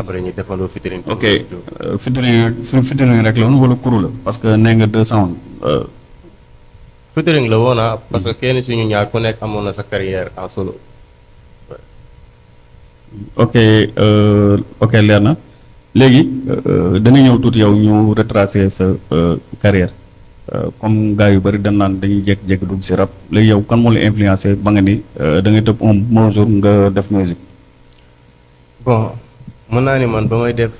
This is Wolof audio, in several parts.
après ñu defaloo featuring. ok euh, featuring featuring rek la woon wala kuru la parce que nee nga deux cent woon. Euh, la woon ah, parce que hmm. kenn suñu ñaar ku nekk amoon na sa carrière en solo. ok euh, ok leer na léegi dana ñëw tuuti yow ñu retracer sa carrière comme gars yu bëri dañ naan dañuy jékki-jékki dugg si rab léegi yow kan moo la influencé ba nga ni da ngay tëb un bonjour nga def musique. bon. mën naa ni man ba may def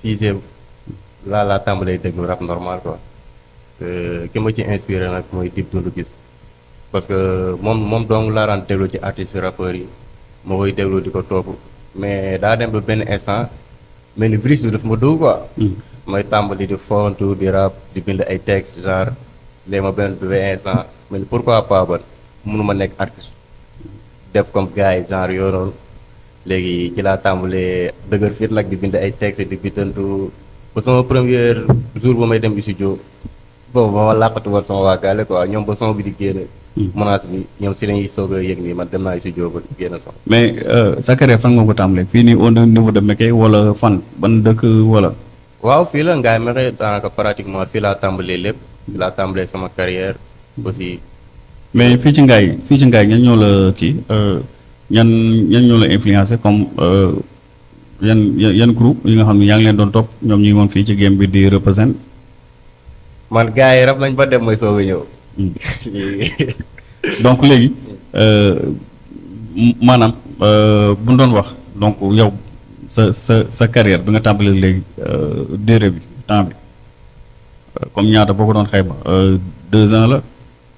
sixième laa laa tàmbalee déglu rap normal quoi ki ma ci inspiré nag mooy Dip Doundou gis parce que moom moom dong laa daan déglu ci artistes rappeurs yi ma koy déglu di ko topp mais daa dem ba benn instant mel ni virus bi daf ma dugg quoi. Hmm. may tàmbali di fontu di rap di bind ay texte genre léegi ma benn ba instant mais pourquoi pas man ma nekk artiste def comme gars genre yoo léegi ci laa tàmbalee dëgër fit nag di bind ay texte di bindantu ba sama premier jour ba may dem studio boobu ba ma làqatu woon sama waa gaale quoi ñoom ba son bi di génn. Hmm. menace bi ñoom si lañuy soog a yëg nii man dem naa studio ba génn son. mais euh, sa carrière fan nga ko tàmbalee fii nii na niveau de Mékhé wala fan ban dëkk wala. waaw fii la Ngaye Mékhé daanaka pratiquement fii laa tàmbalee lépp laa tàmbalee sama carrière aussi. mais fii ci kii. Euh, yan yan ñoo la influencer comme uh, yan yan groupe yi nga xam ne yaa ngi leen doon topp ñoom ñu ngi woon fii ci game bi di représente man gars yi rab lañ ba dem mooy soog a ñëw hmm. donc léegi euh, maanaam euh, bu doon wax donc yow sa sa sa carrière bi nga tàmbalee léegi euh, durée bi temps bi comme ñaata boo ko doon xayma deux ans la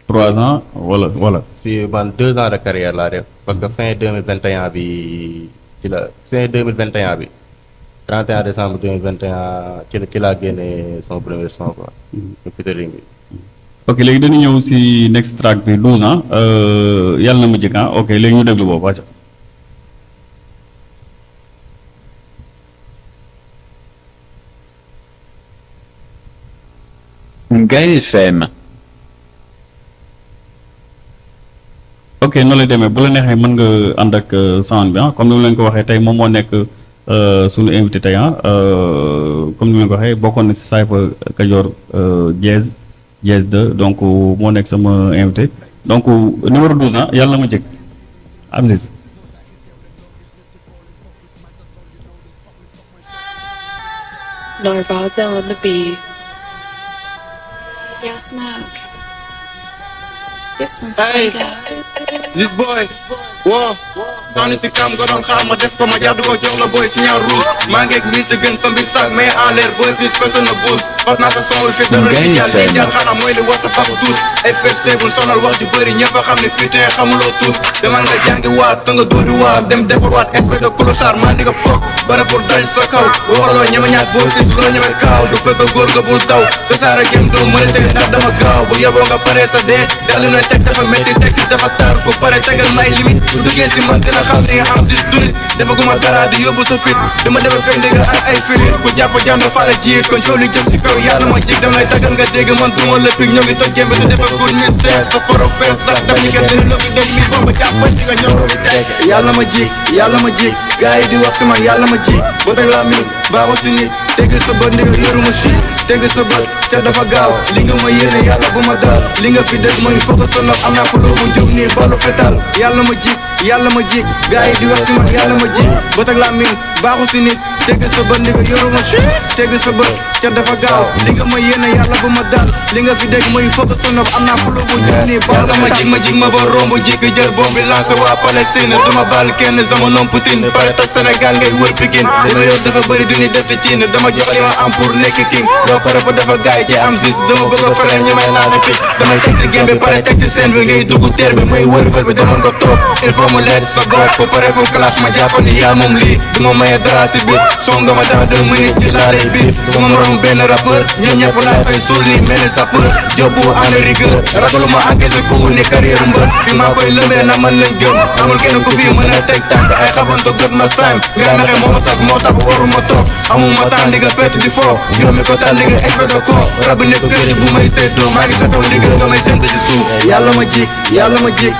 trois ans wala wala si man deux ans de carrière laa def parce que fin deux mille vingt et bi ci la fin deux mille vingt et un bi 31 décembre deux mille vingt et ci la ci laa génnee son premier son quoi. Mm-hmm. Mm-hmm. léegi dañu ñëw si next track bi 12 ans euh, yàlla na ma ah. ok léegi ñu déglu boobu wàcc. ok noonu lay demee bu la neexee mën nga ànd ak euh, sound bi ah. comme ni mu leen ko waxee tey moom moo nekk euh, suñu invité tey ah. euh, comme ni mu waxee bokkoon na si Saïfa Kajoor Jazz Jazz 2 donc moo nekk sama invité donc numéro 12 ah yàlla ma jëkk This one's hey. This boy. wow naa ni si kam nga doon xaar ma def ko ma jàddu ko jox la booy si ñaar ruus maa ngeeg ñi te gën sa mbir sax mais en l'air booy si personne na boos Wat sa song effet dara li jàll li jàll xanaa mooy li ay fer seegul sonal wax ju bëri ñëpp xam ne putain xamuloo nga jàngi waat nga waat dem defar waat espèce de colossar maa nigga foog bare pour dañ sa kaw waxaloo ñeme ñaat boo siis loo ñeme kaaw du fekk góor nga bul daw te saara gem doo mën a ndax dama gaaw bu yeboo nga pare sa dee dali na teg dafa metti teg si dafa tar pare tegal may limit bu duggee si man dina xam li xam si dunit guma dara di yóbbu sa fit dama defa fekk ak ay firit ku jàpp jàmm jiit kon jëm si kaw yow yàlla mooy cig dem lay taggal nga dégg man duma la pig ñoo ngi toj ma ji yàlla ma ji gars di wax si man yàlla ma ji ba teg laa mi baaxu si nit teg sa bët ndigal yoru ma si teg sa bët ca dafa gaaw li nga ma yéene yàlla bu ma daal li nga fi def mooy foog sa nopp am naa ko loo ma ji ma ji gars yi di wax ji ba teg laa baaxu si nit teg sa bët ndigal yoru ma si sa bët te dafa gaaw li nga ma yéene yàlla bu ma dal li nga fi dégg muy fokk sa nopp am naa fulu bu jëni ba yàlla ma jig ma jig ma ba romb jikki jël bombi lancé waa Palestine duma baal kenn sama noom Poutine pare tax Sénégal ngay wër Pikine li ma yor dafa bëri du ñuy def te dama jox ma am pour nekk king doo pare ba dafa gaay ci am sis dama bëgg a feneen ñi may laale fi damay teg si pare teg si seen bi ngay dugg teer bi muy wër fër bi dama nga sa bopp ba pare moom benn rappeur ñoom ñëpp laay fay sulli mel ni sapeur yóbbu Amérique ragalu ma ku ni carrière mbër fi maa ya koy lëmbee na man lañ gëm amul kenn ku fi mën a teg ay time nga naxe moo ma sax moo tax waru ma toog di nga pett di foo juróomi ko temps di nga expecté ko rab nekk kër bu may seetoo maa ngi sa kaw di nga may séntu ci suuf yàlla ma jik yàlla ya ma jik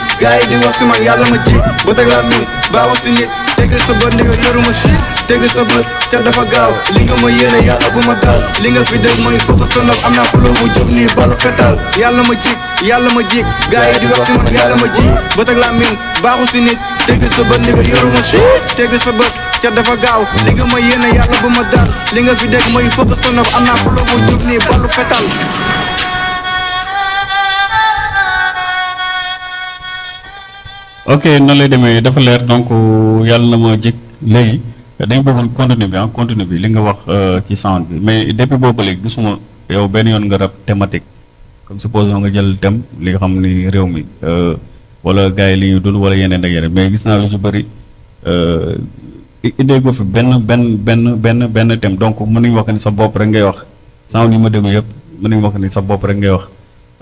di wax man ya ma jik wax nit tegal sa bët ni nga yoruma shit tegal sa bët ca dafa gaaw li nga ma yéene yàlla bu ma daal li nga fi def mooy fokk sa am naa fa loo mu jóg nii balu fetal yàlla ma jig yàlla ma jig gaa yi di wax yàlla ma jig ba teg laa min baaxu si nit tegal sa bët ni nga yoruma shit sa bët ca dafa gaaw li nga ma yéene yàlla bu ma daal li nga fi def mooy fokk sa nopp am naa fa loo mu jóg nii balu fetal ok noonu lay demee dafa leer donc yàlla na ma jik léegi dañu bëggoon contenu bi ah contenu bi li nga wax euh, ci sound bi mais depuis boobu léegi gisuma yow benn yoon nga rab thématique comme supposons nga jël thème li nga xam ni réew mi euh, wala gars yi li ñu dul wala yeneen ak yeneen mais gis naa lu ci bëri euh, idée ko fi benn benn benn benn benn thème donc mën nañu wax ni sa bopp rek ngay wax sound yi ma déglu yëpp mën nañ wax ni sa bopp rek ngay wax.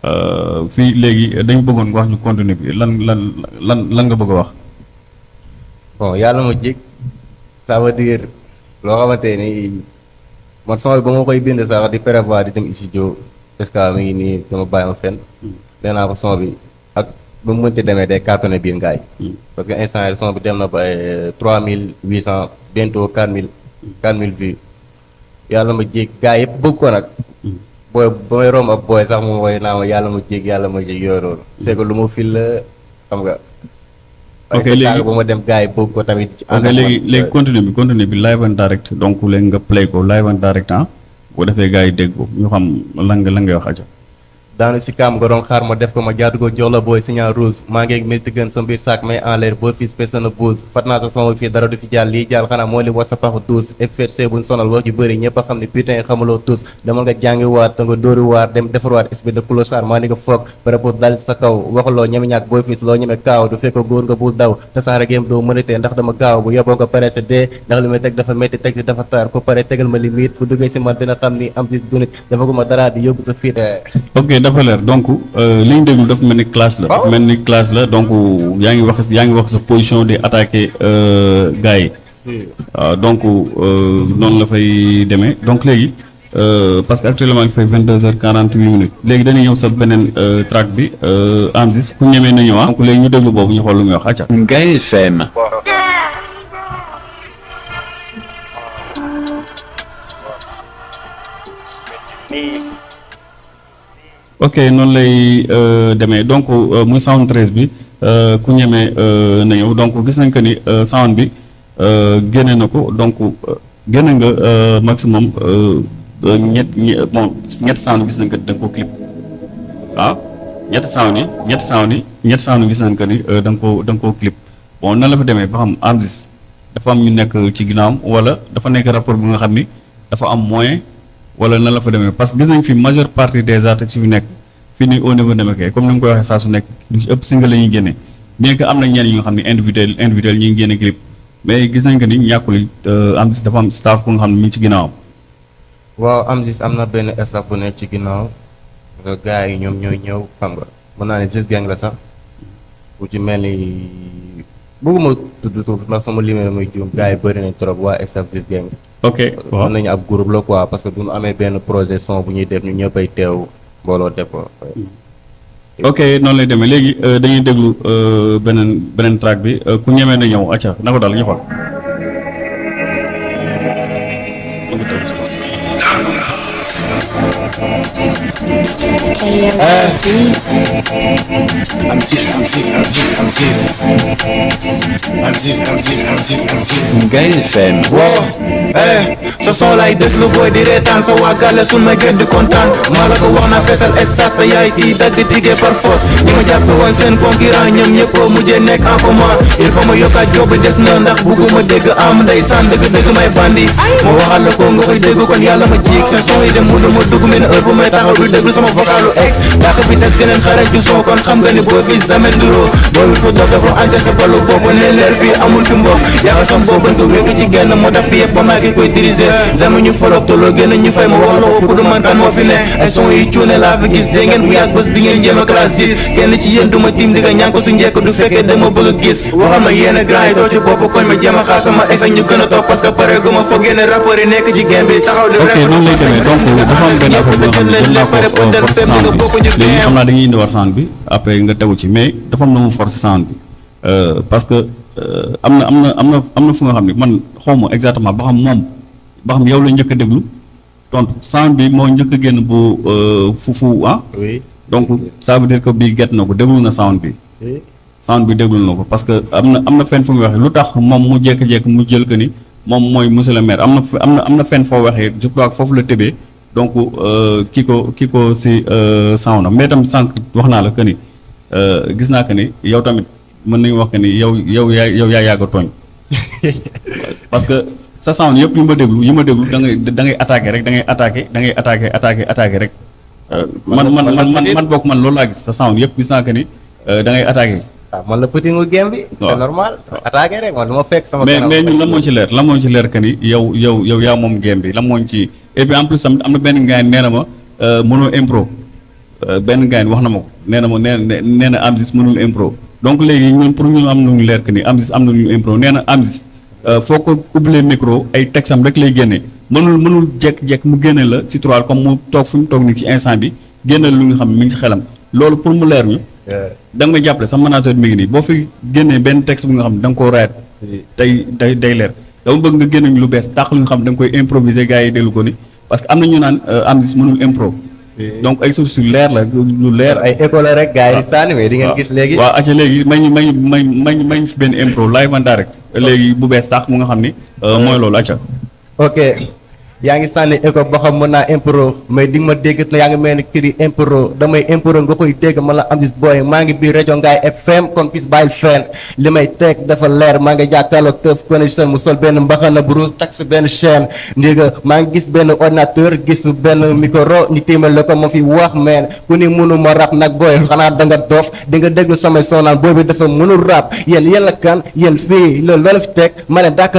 Euh, fii léegi dañ bëggoon nga wax ñu contenu bi lan lan lan lan nga bëgg a wax. bon yàlla ma jig ça veut dire loo xamante ni man son ba ma koy bind sax di prévoir di dem studio parce que mi ngi nii dama bàyyi ma fenn. nee naa ko son bi ak ba mu mënti demee day cartonné biir ngaay. parce que instant yii son bi dem na ba euh, trois mille huit cent bientôt quatre mille. quatre mille vues yàlla ma jig gars yëpp bëgg ko nag. booy booy romb ak booy sax moom mooy naa ma yàlla ma jéeg yàlla ma jéeg yooyu loolu mm. c'est que lu ma fil la xam nga. ok léegi ba ma dem gars yi bëgg ko tamit. ci ànd léegi léegi bi continue bi live and direct donc leen nga play ko live and direct ah bu defee gars yi dégg ko ñu xam lan nga lan ngay wax aja daanu si kaam nga doon xaar ma def ko ma jaadu ko jox la booy signal rouge maa ngeeg mérite sa mbir saak may en l'air boo fiis personne bouse fat sa sama fii dara du fi jàll lii jàll xanaa moo li war sa paxu duus efferse buñ sonal wax ju bëri ñëpp a xam ne putain xamuloo tous dama nga jàngi te nga dóori waar dem defarwaat espèce de clochard maa ni nga foog parapor dal sa kaw waxuloo ñeme ñaak booy fiis loo ñeme kaaw du fekk góor nga dafa leer donc euh, li ñu déglu dafa mel ni classe la. dafa mel ni classe la donc yaa ngi wax yaa ngi wax sa position di attaquer euh, gars yi. waaw hmm. euh, donc noonu la fay demee donc léegi parce que actuellement il fait vingt deux heures quarante huit minutes léegi dañuy ñëw sa beneen track bi am dis ku ñemee na ñëwaat. Ah. donc léegi ñu déglu boobu ñu xool lu muy wax acca. Ngaye FM. ok noonu lay euh, demee donc euh, muy sound 13 bi euh, ku ñeme na ñëw donc gis nañ que ni sound bi génne na ko donc génne nga maximum ñett ñett bon ñett sound gis nañ que da nga ko clip waaw ah, ñett sound yi ñett sound yi ñett sound gis nañ nga ko da nga koo clip bon nan la fa demee ba xam ANSYS dafa am ñu nekk ci ginnaawam wala dafa nekk rapport bi nga xam ni dafa am moyen. wala na la fa demee parce que gis nañ fi majeure partie des artistes yu nekk fii nii au niveau de Mekhe comme ni ma koy waxee saa su nekk du ëpp single la génne bien que am na ñenn ñoo xam ne individuel individuel ñu ngi génne mais gis nañ que ni ñàkkul euh, am si dafa am staff bu nga xam ne mi ci ginnaawam. waaw Amziz am na benn staff bu nekk ci ginnaaw euh, gars yi ñoom ñooy ñëw xam nga mën naa ne Ziz gang la sax ku ci mel ni bëgguma tudd tur ndax sama limee muy juum gars yi bëri nañ ok waaw mën ab groupe la quoi parce que bu nu amee benn projet son bu ñuy def ñu ñëppay teew mbooloo def ko. ok noonu lay demee léegi euh, dañuy déglu euh, beneen beneen track bi euh, ku ñemee na ñëw acca na ko daal ñu xool. Gain FM Eh, so so like the blue boy di retan So wagale sun ma gedd kontan Mala ko wana fesal estat Pa yaay ti ma japp woon seen concurrent Ñoom ñëpp mujjé nekk en bandi Ma waxal la ko nga koy dégg kon yàlla ma jiik Sa déglu sama vocalu ex dàq vitesse gën leen ci kon xam nga ni fi ante sa balu ne leer amul fi mbokk ko ci genn tax fi koy diriger ñu ñu fay wax ko du man fi ne ay son yi fi gis ngeen bi ngeen ci duma tim su du dama bëgg gis ci ma xaar sama ñu parce que nekk ci taxaw rek léegi xam naa dañuy indiwaat sound bi après nga tegu ci mais dafa am na mu force sound bi euh, parce que euh, am na am na am na am na fu nga xam ne man xaw ma exactement ba xam moom ba xam yow la njëkk a déglu tontu sound bi moo njëkk a génn bu euh, fufu ah. oui donc ça veut dire que bii gett na ko déglu na sound bi. sound bi déglu na ko parce que am na am na fenn fu mu waxee lu tax moom mu jékki-jékki mu jël que ni moom mooy monsieur le maire am na am na am na fenn foo waxee je crois foofu la tëbee. donc euh, kii ko kii ko si euh, saaw na mais tamit sànq wax naa la que ni euh, gis naa que ni yow tamit mën nañu wax que ni yow yow yaa yow yaa yàgg tooñ parce que sa sound yëpp yu ma déglu yi ma déglu da ngay da ngay attaqué rek dangay ngay attaqué da ngay attaqué attaqué attaqué rek man man man man bokk man loolu laa gis sa sound yëpp gis naa que ni dangay ngay attaqué waaw ah, man la putingu game bi. c'est normal attaqué rek man lu ma fekk mais mais ñun lan moo ci leer lan moo ci leer que ni yow yow yow yaa moom game bi lan moo ci et puis en plus am na benn gars nee na ma euh, mënoo impro euh, benn gars wax na ma ko nee na ma nee nee na Amziz mënul impro donc léegi ñun pour ñun am lu nañu leer que ni Amziz am na nañu impro nee na Amziz euh, foo ko ubbilee micro ay texam rek lay génne mënul mënul jekk-jekk mu génne la ci trois comme mu toog fu mu toog nii ci instant bi génne lu nga xam mi ngi ci xelam loolu pour mu leer ñu. da nga may jàppale sa manager mi ngi nii boo fi génnee benn texte bu nga xam ne danga nga koo raet tey day day leer dama bëgg nga génn ñu lu bees tàq lu nga xam ne da koy improviser gars yi déglu ko ni parce que am na ñu naan euh, Amziz mënul impro donc ay suuf yu leer la lu leer. ay école rek gaa yi sànni mais di ngeen gis léegi. waaw ak léegi may ñu may ñu may ñu may ñu fi benn impro live and direct léegi bu bees sax mu nga xam ni. Euh, mooy loolu acca yaa ngi sànni écho ba xam mën naa impro mais di nga ma dégg yaa ngi mel ni kii impro damay impro nga koy dégg man la am gis booy maa ngi biir rajo Ngaye FM kon bis bàyyil fenn li may teg dafa leer maa ngi jàkkaarloog tëf connexion mu sol benn mbaxana bu ruus takk su benn chaîne ndiga maa ngi gis benn ordinateur gis benn micro ñu téeméer la ko ma fi wax meen ku ni mënu ma rap nag booy xanaa danga nga doof di nga déglu samay sonaan boobu dafa mënul rap yéen yéen la kan yéen fii loolu teg ma ne dàkk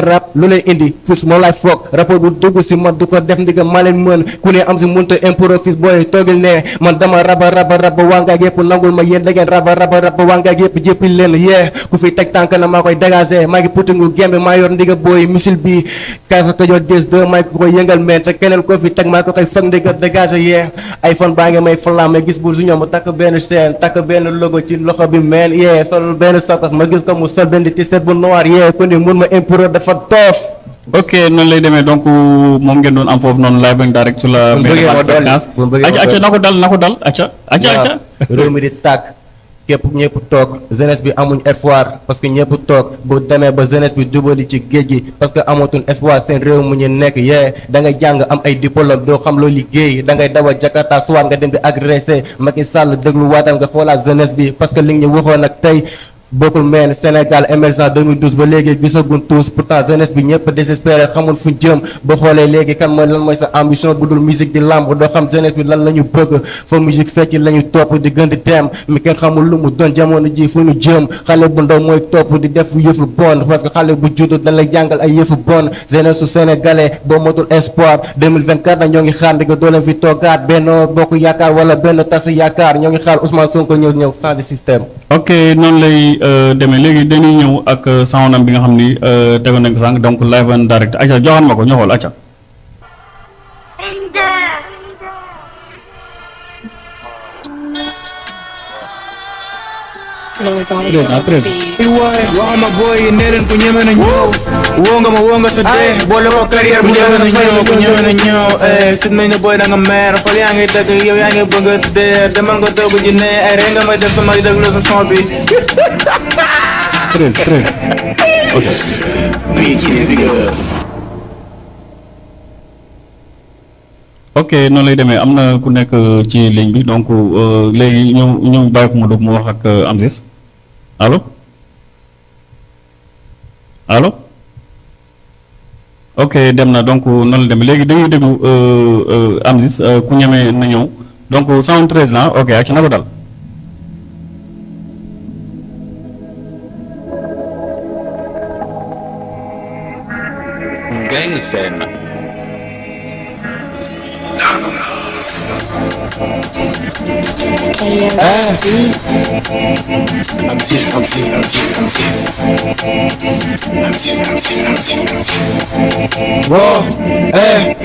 indi du ko def ndiga ma leen mën ku ne am si munta improfise booy toogil ne man dama raba raba raba waa ngaak yëpp nangul ma yéen da ngeen raba raba raba waa ngaak yëpp jéppi leen yee ku fi teg tànk na maa koy dégagé maa ngi putingu gembe maa yor booy missile bi kafa kajoor des deux maa ngi ko yëngal mais te keneen koo fi teg maa koy fag ndiga dégagé yee iPhone baa ngi may flamme gis buur su ñoom mu takk benn chaîne takk benn logo ci loxo bi meen yee sol benn ok non lay demee donc moom ngeen doon am foofu noonu live and direct sur la fréquence acca na ko dal na ko dal acca acca acca réew mi di tàkk képp ñëpp toog jeunesse bi amuñ espoir parce que ñëpp toog bu demee ba jeunesse bi jubali ci géej gi parce que amatuñ espoir seen réew mu ñu nekk yee da ngay jàng am ay diplôme doo xam loo liggéey da ngay dawa jakarta soit nga dem di agressé Macky Sall déglu waatam nga xoolaat jeunesse bi parce que li ñu waxoon ak tey bokkul meen Sénégal émergence 2012 ba léegi gisagun tous pourtant jeunesse bi ñëpp désespéré xamul fu jëm ba xoolee léegi kan mooy lan mooy sa ambition bu dul musique di làmb doo xam jeunesse bi la ñu bëgg fa musique fecc la topp di gën di teem mi kenn xamul lu mu doon jamono ji fu ñu jëm xale bu ndaw mooy topp di def yëfu bon parce que xale bu juddu dañ lay jàngal ay yëfu bon jeunesse su sénégalais boo matul espoir 2024 na ñoo ngi xaar ndiko doo leen fi toogaat benn bokk yaakaar wala benn tas yaakaar ñoo ngi xaar Ousmane Sonko ñëw ñëw changer système Euh, deme léegi dañuy ñëw ak euh, saonam bi nga xam ni euh, tegoon nañ ko sànq donc live and direct acca joxaan ma ko ñu xool acca Yo, na tres. Iwae, waka maboy, inere nkunyeme na nyo. Uonga mawonga sade, bole mo career kunyeme na nyo, kunyeme na nyo. Eh, sit na boy na ngamera, pali ange taka yo yange bunga de, deman go to gujine, erenga eh, ma de samari da glosa snobi. Tres, tres. Okay. Bitches, nigga. ok noonu lay demee am na ku nekk ci ligne bi donc léegi ñu ñu bàyyi ko mu dugg mu wax ak Amziz allo allo ok dem na donc noonu la demee léegi dañuy déglu euh, euh, Amziz euh, ku ñeme na ñëw donc 113 la ok ak ci na ko dal. Ngaye Eh, Amsis, Amsis, Amsis, Amsis Bro, eh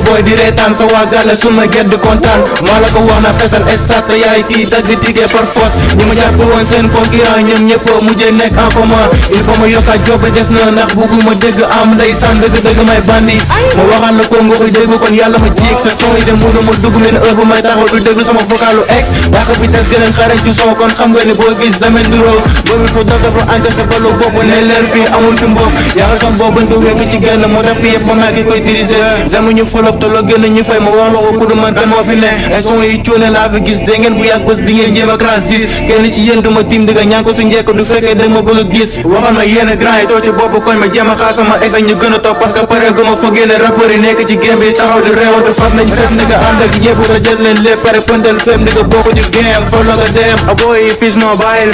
boy di sa waa galle ma gedd kontaan maa ko wax na fesal estat yaay kii tagg digee par force ñi ma jàpp woon seen concurrent ñoom ñëpp mujjee en commun il faut ma job des na ndax bugguma dégg am ndeysaan dëgg dëgg may bandi ma waxaan ko nga ko kon ma son yi dem lu mu dugg mel heure bu may taxaw du déglu sama vocalu ex yaa ko fi xarañ ci son kon xam nga ni boo gis zameen du roo boobu fu dox dafa encaissé ba lu bopp ne leer fii amul fi mbopp yaa ko sam boobu bañ ko ci genn moo tax fii yëpp ma ngi koy dirigé zame ñu folop te loo gën ñu fay ma wax waxu ku du man te moo fi ne ay son yi cuune laa fi gis dégg ngeen bu yàgg bés bi ngeen jéem a classe gis kenn ci yéen du tim digga ñaan ko su njekk du fekkee dañ ma bëgg gis waxoon yéen grand yi too ci bopp koñ ma jéem xaar sama ex ñu gën a parce que pare gu ma fa génne nekk ci game taxaw di réew te fab nañ fef nigga nga ànd ak ñëpp nga jël leen lépp pare pëndal fem ni nga bokk ñu game folo nga dem a boy yi fis noo bàyyil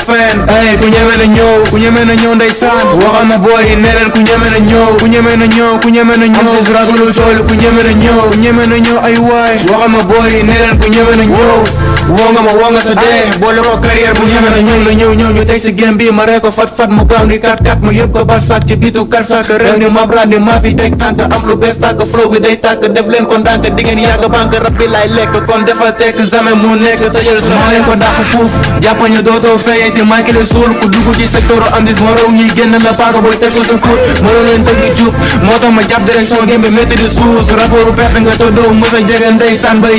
ku ñeme na ñëw ku ñeme na ñëw ndeysaan waxoon na boy yi ku ñeme na ñëw ku ñeme na ñëw ku ñeme na ñëw ku ñeme na ñëw ku ñeme na boy yi ku ñeme na ñëw woo nga ma woo sa dee boole ko carrière bu ñeme na ñëw la ñëw ñëw ñu teg si game bi ma ree ko mu gaaw ni kat kat mu yëpp ko barsak ci biitu karsak réew ni mab raan ni maa fi teg tànk am di ngeen yàgg banque rab bi laay lekk kon defal tekk jamais mu nekk tëjal sa maa ma raw ñuy génn la paaka booy teg ko sa kuut ma la moo tax ma jàpp direction game bi métti di suus rapport perte nga tëddoo mos a jege ndey saan bay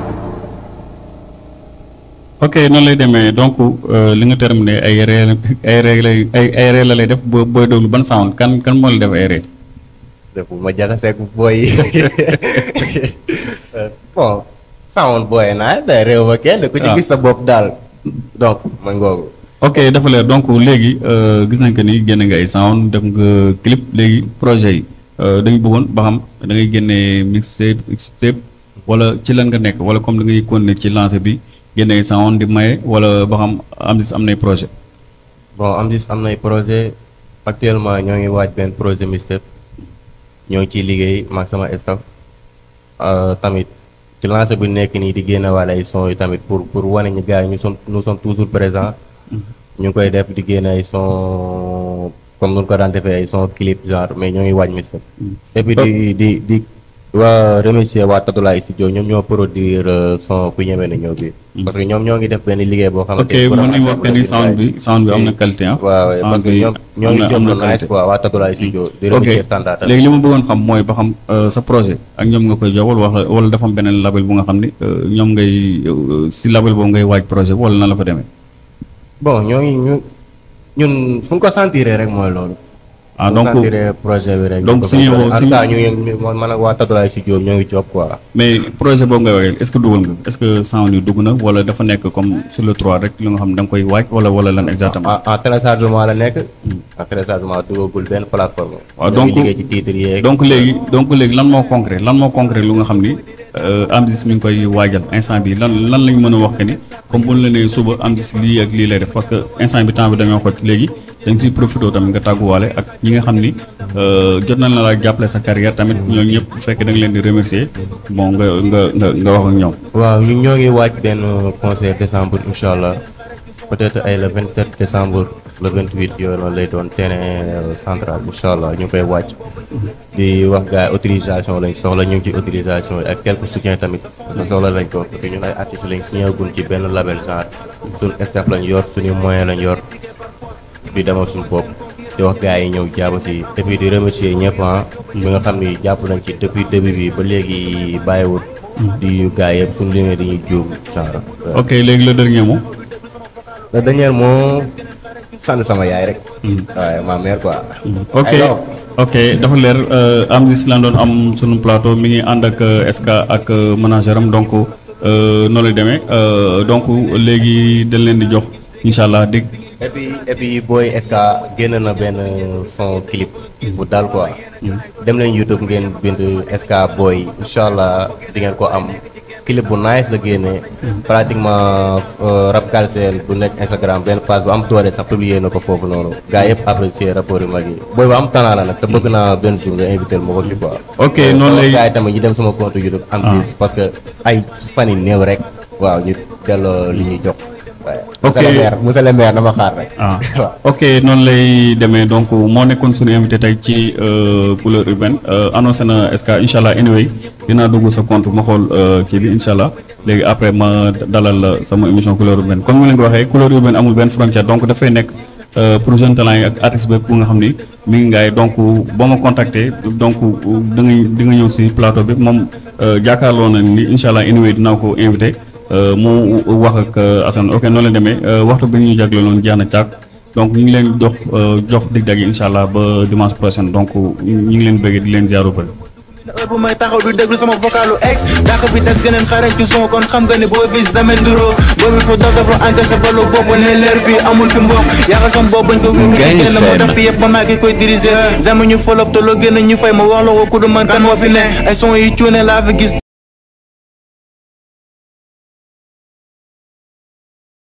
ok noonu lay demee donc euh, li nga terminé ay ree ay ree lay ay ay def booy déglu ban sound kan kan moo la def ay ree. dëgg ma jaxaseeg booy bon ah. sa bopp daal donc ma ngoogu. dafa leer donc léegi euh, gis nañ que ni génne nga ay sound def nga clip léegi projet yi euh, dañu bëggoon ba xam da ngay génne mixtape mixtape wala ci lan nga nekk wala comme da ngay continuer ci lancé bi. génne sound di maye wala boo xam am AMZIS am nay projet bon AMZIS am nay projet actuellement ñoo ngi waaj benn projet mixtape ñoo ciy liggéey maag sama staff euh, tamit ci lancé bu nekk nii di génne waale ay son yi tamit pour pour wane ñu gars yi ñu sont nous soon toujours présents mm-hmm. ñu ngi koy def di génne ay son comme nu ko daan defee ay son clip genre mais ñoo ngi waaj mixtape mm-hmm. et di di waa remercier waa Tatouline Studio ñoom ñoo produire euh, son ku ñeme na ñëw bi. Mm. parce que ñoom ñoo ngi def benn liggéey boo. xamante ne ok mën nañu wax que ni sound bi sound bi am léegi li ma bëggoon xam mooy ba xam euh, sa projet ak ñoom nga koy jox wax wala dafa am beneen label bu nga xam ni euh, ñoom ngay si label boobu ngay waaj projet bi na la fa demee. bon ñoo ngi ñun ñun fu ñu ko sentir rek mooy loolu. ah donc projet bi rek. donc signé woo signé woo man ak ñoo ngi job quoi. mais projet boobu ngay waxee est ce na wala dafa nekk comme sur le 3 rek li nga xam da nga koy waaj wala wala lan exactement. Ah, ah, en téléchargement la nekk. Ah, donc léegi donc léegi lan moo concret lan moo concret lu nga xam ni. Euh, Amziz mi ngi koy waajal instant bi lan lan lañ mën a wax que comme bu ñu la nee suba Amziz lii ak lii lay def parce que instant bi temps bi dañoo léegi. dañ ci profito tam nga walé ak ñi nga xamni euh jot nañ la jappalé sa carrière tamit ñoo ñëpp fekk da nga leen di remercier bon nga nga nga wax ak ñoom. waaw ñu ñoo ngi waaj benn concert décembre inshallah peut être ay le 27 décembre le 28 yooyu la lay doon terrain euh, central inshallah ñu koy wacc di wax gars autorisation lañ soxla ñu ci autorisation ak quelques soutien tamit na soxla lañ ko parce que ñu lay artiste lañ signé gun ci ben label genre sun staff lañ yor suñu moyen lañ yor bi demal sun bopp di wax gaay ñew jaabu ci si et di remercier ñepp ha bi nga xamni jaabu nañ ci depuis début bi ba léegi bàyyiwut di ñu gars yëpp suñu limee dañuy joom genre ok légui le dernier mot le dernier mot sans sama yaay rek ay ma mère quoi ok ok dafa leer euh amzis lan doon am sunu plateau mi ngi and ak SK ak manageram donc euh noonu lay euh donc légui dañ leen di jox inshallah dégg et puis et puis booy SK génn na benn son clip. bu daal quoi. Hmm. dem leen YouTube ngeen bind SK booy incha allah di ngeen ko am clip bu nice la génnee. Hmm. pratiquement euh, rap kalseel bu nekk Instagram benn page bu am doole sax publier na ko foofu noonu. gars yëpp apprécier rapport yu mag yi. booy bu am talent la nag te bëgg naa benn jour nga invité ma ko fi quoi. ok euh, noonu lay gars yi tamit ñu dem sama compte YouTube. am ci ah. parce que ay fan yu néew rek. waaw ñu delloo li ñuy jox. ok monsieur le maire dama xaar rek. ah ok noonu lay demee donc moo nekkoon suñu invité teg ci euh, couleur urbaine euh, annoncé na est-ce que incha allah anyway dinaa dugg sa compte ma xool euh, kii bi incha léegi après ma dalal la sama émission couleur urbaine comme ni ma leen ko waxee couleur urbaine amul benn frontière donc dafay nekk pour jeune talent yi ak artiste bépp pour nga xam ni mi ngi ngaay donc boo ma contacter donc da nga ñëw si plateau bi moom jaakaarloo na ni incha allah anyway dinaa ko invité. Euh, mu wax ak euh, Assane ok noonu la demee euh, waxtu bi ñu jagle loon jeex a càkk donc ñu ngi leen dox jox dig dag yi allah ba dimanche prochain donc ñu ngi leen bëggee di leen ziaru bëri heure bu may taxaw du déglu sama vocalu ex dàq bi des gëneen xarañ ci son kon xam nga ne boo fi zamenduro boobu fa dox dafa engagé balu boobu ne leer bi amul fi mbokk yaaga son boobu bañ ko wéngu ci kenn moo tax fi yëpp ma maa ngi koy diriger zame ñu folop te loo génn ñu fay ma wax la ko ku du man kan moo fi ne ay son yi cuune laa fi gis